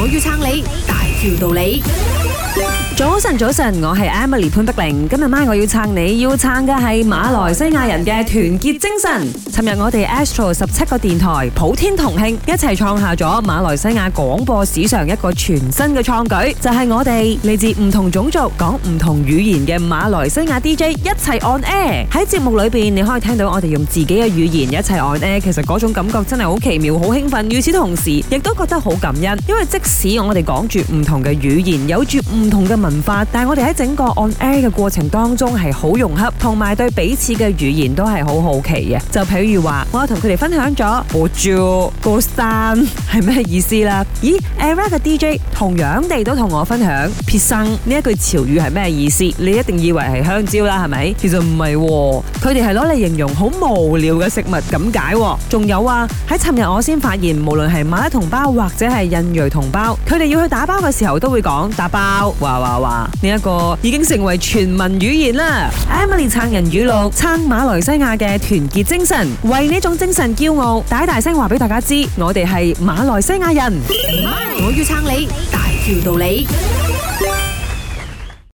我要撐你，大條道理。早晨，早晨，我係 Emily 潘碧玲。今日晚我要撐你，要撐嘅係馬來西亞人嘅團結精神。尋日我哋 Astro 十七個電台普天同慶，一齊創下咗馬來西亞廣播史上一個全新嘅創舉，就係、是、我哋嚟自唔同種族、講唔同語言嘅馬來西亞 DJ 一齊 on air。喺節目裏邊，你可以聽到我哋用自己嘅語言一齊 on air，其實嗰種感覺真係好奇妙、好興奮。與此同時，亦都覺得好感恩，因為即使我哋講住唔同嘅語言，有住唔同嘅文化，但係我哋喺整個 on air 嘅過程當中係好融洽，同埋對彼此嘅語言都係好好奇嘅。就譬如話，我同佢哋分享咗 what y 係咩意思啦？咦，Era 嘅 DJ 同樣地都同我分享撇生呢一句潮語係咩意思？你一定以為係香蕉啦，係咪？其實唔係，喎，佢哋係攞嚟形容好無聊嘅食物咁解。仲有啊，喺尋日我先發現，無論係馬來同胞或者係印裔同胞，佢哋要去打包嘅時候都會講打包，哇哇！話呢一個已經成為全民語言啦。Emily 撐人語錄，撐馬來西亞嘅團結精神，為呢種精神驕傲，大大聲話俾大家知，我哋係馬來西亞人。我要撐你，大條道理。